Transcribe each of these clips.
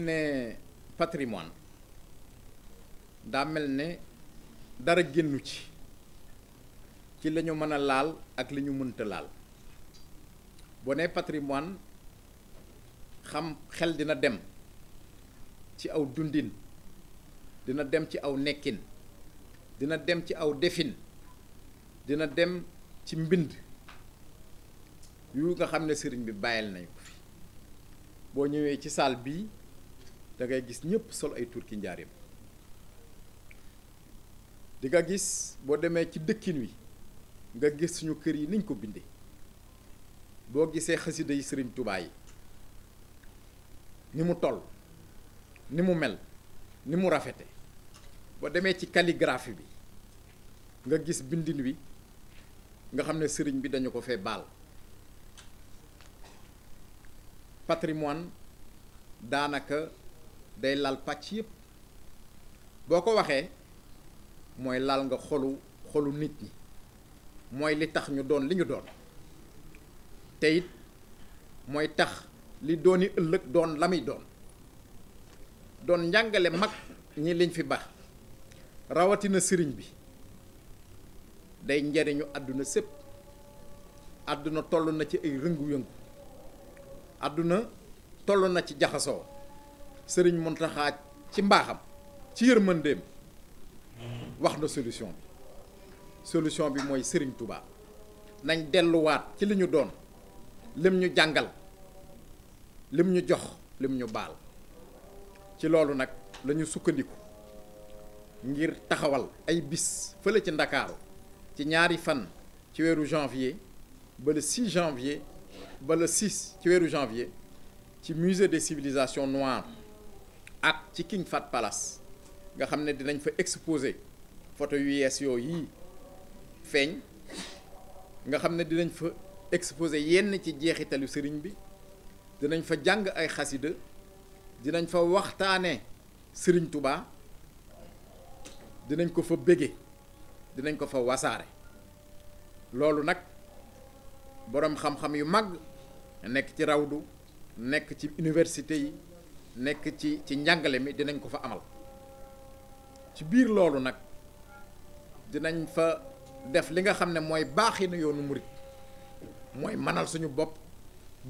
ñu nee patrimoine daa mel ne dara génnu ci ci la ñu mën a laal ak li ñu mënta laal boo nee patrimoine xam xel dina dem ci aw dundin dina dem ci aw nekkin dina dem ci aw defin dina dem ci mbind yu nga xam ne sëriñ bi bàyyil nañu ko fi boo ñëwee ci saal bii dangay gis ñëpp sol ay turki njaareem di nga gis boo demee ci dëkkin wi nga gis suñu kër yi niñ ko bindee boo gisee xasida yi sëriñ tubaay yi ni mu toll ni mu mel ni mu rafete boo demee ci calligraphie bi nga gis bindin wi nga xam ne sëriñ bi dañu ko fee baal patrimoine daanaka day lal pàcc yépp boo ko waxee mooy lal nga xolu xolu nit ñi mooy li tax ñu doon li ñu doon te mooy tax li dooni ëllëg doon lami doon doon njàngale mag ñi liñ fi baax rawatina sëriñ bi day njariñu àdduna sépp àdduna toll na ci ay rëngu-yëngu àdduna toll na ci jaxasoo sëriñ Muntaxa ci mbaaxam ci yërmandeem wax na solution bi solution bi mooy sëriñ Touba nañ delluwaat ci li ñu doon lim ñu jàngal lim ñu jox lim ñu baal ci loolu nag lañu sukkandiku ngir taxawal ay bis fële ci Ndakaaru ci ñaari fan ci weeru janvier ba le 6 janvier ba le 6 ci weeru janvier ci musée des civilisations noires at ci King Fahd Palace nga xam ne dinañ fa exposé photo yu yees yoo yi feeñ nga xam ne dinañ fa exposé yenn ci jeexitalu sëriñ bi dinañ fa jàng ay xasida dinañ fa waxtaane sëriñ tubaa dinañ ko fa bége dinañ ko fa wasaare loolu nag boroom xam-xam yu mag nekk ci rawdu nekk ci université yi nekk ci ci njàngale mi dinañ ko fa amal ci biir loolu nag dinañ fa def li nga xam ne mooy baax yi na yoonu murit mooy manal suñu bopp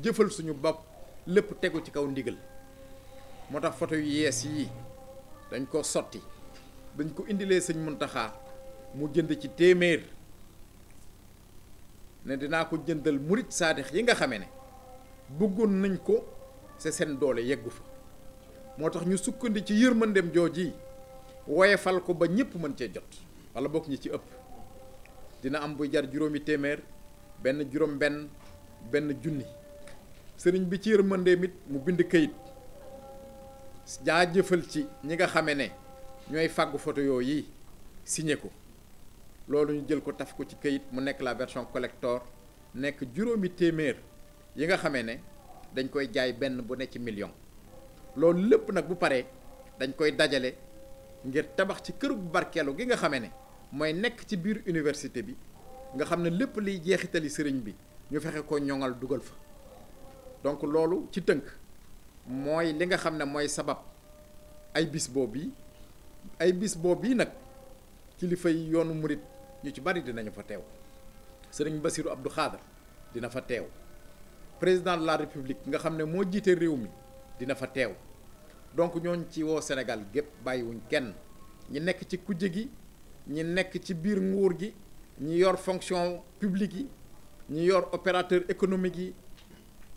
jëfal suñu bopp lépp tegu ci kaw ndigal moo tax photo yu yees yii dañ koo sotti dañ ko indilee sëñ Muntaxa mu jënd ci téeméer ne dinaa ko jëndal murit saadix yi nga xame ne bëggoon nañ ko se seen doole yeggu fa moo tax ñu sukkandi ci yërmandem jooji woyefal ko ba ñëpp mën cee jot wala bokk ñi ci ëpp dina am buy jar juróomi téeméer benn juróom benn benn junni sëriñ bi ci yërmandeem it mu bind kayit jaa jëfal ci ñi nga xame ne ñooy fàggu photo yi signé ko loolu ñu jël ko taf ko ci kayit mu nekk la version collector nekk juróomi téeméer yi nga xamee ne dañ koy jaay benn bu ne ci million loolu lépp nag bu paree dañ koy dajale ngir tabax ci kër këru barkeelu gi nga xamee ne mooy nekk ci biir université bi nga xam ne lépp liy jeexitali sëriñ bi ñu fexe ko ñoŋal dugal fa donc loolu ci tënk mooy li nga xam ne mooy sabab ay bis boobu bi ay bis boobu yi nag kilifa yi yoonu murit ñu ci bari dinañu fa teew sëriñ Bassirou Abdou Khadre dina fa teew président la république nga xam ne moo jiite réew mi dina fa teew donc ñooñ ci woo Sénégal gépp bàyyiwuñ kenn ñi nekk ci kujje gi ñi nekk ci biir nguur gi ñi yor fonction publique yi ñi yor opérateur économique yi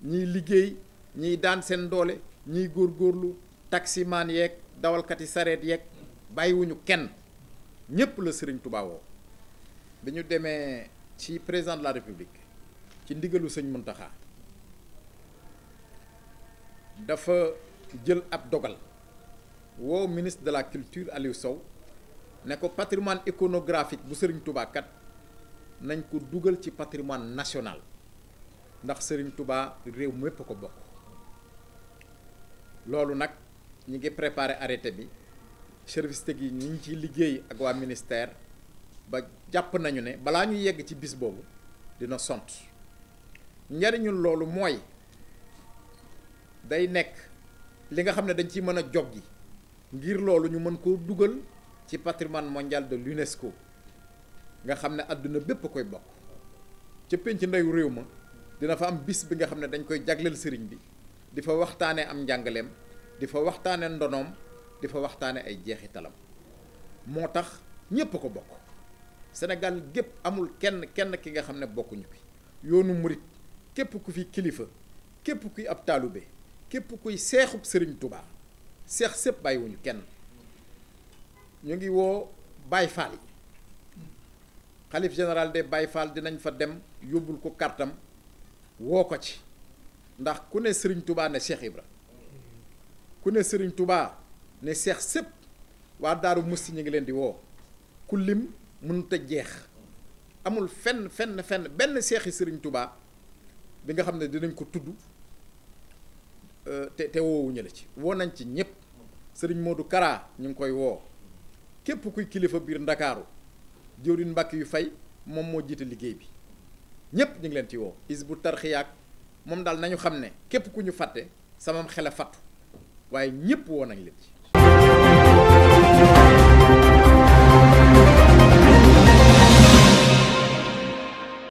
ñiy liggéey ñiy daan seen doole ñiy góorgóorlu taximaan yeeg dawalkati sareet yeeg bàyyiwuñu kenn ñépp la Sëriñ Tuubaa woo bi ñu demee ci président de la République ci ndigalu sëñ Muntaxa dafa jël ab dogal woo ministre de la culture Aliou Sow ne ko patrimoine iconographique bu Serigne Touba kat nañ ko dugal ci patrimoine national ndax Serigne Touba réew mépp ko bokk loolu nag ñi ngi préparer arrêté bi service teg yi ñu ngi ciy liggéey ak waa ministère ba jàpp nañu ne balaa ñu yegg ci bis boobu dina sont njariñul loolu mooy day nekk li nga xam ne dañ ci mën a jog gi ngir loolu ñu mën koo dugal ci patrimoine mondial de l'UNESCO nga xam ne àdduna bépp koy bokk ca penc ndeyu réew ma dina fa am bis bi nga xam ne dañ koy jagleel sëriñ bi di fa waxtaanee am njàngaleem di fa waxtaanee ndonoom di fa waxtaanee ay jeexitalam moo tax ñépp ko bokk Sénégal gépp amul kenn kenn ki nga xam ne bokkuñu fi yoonu murit képp ku fi kilifa képp kuy ab taalibe képp kuy seexub sëriñ tubaa seex sépp bàyyiwuñu kenn ñu ngi woo Baye Fall yi xalif général de Baye Fall dinañ fa dem yóbbul ko kàrtam woo ko ci ndax ku ne sëriñ tubaa ne Cheikh Ibra ku ne sëriñ tubaa ne seex sépp waa daaru musti ñu ngi leen di woo ku lim mënut a jeex amul fenn fenn fenn benn seexi sëriñ tubaa bi nga xam ne dinañ ko tudd Euh, te te woowuñu la ci woo nañ ci ñëpp sëriñ Modou Kara ñu ngi koy woo képp kuy kilifa biir ndakaaru jëwriñ mbàkk yu fay moom moo jiite liggéey bi ñëpp ñu ngi leen ci woo Hizbut Tarqiyyah moom daal nañu xam ne képp ku ñu fàtte sama xel a fàttu waaye ñëpp woo nañ leen ci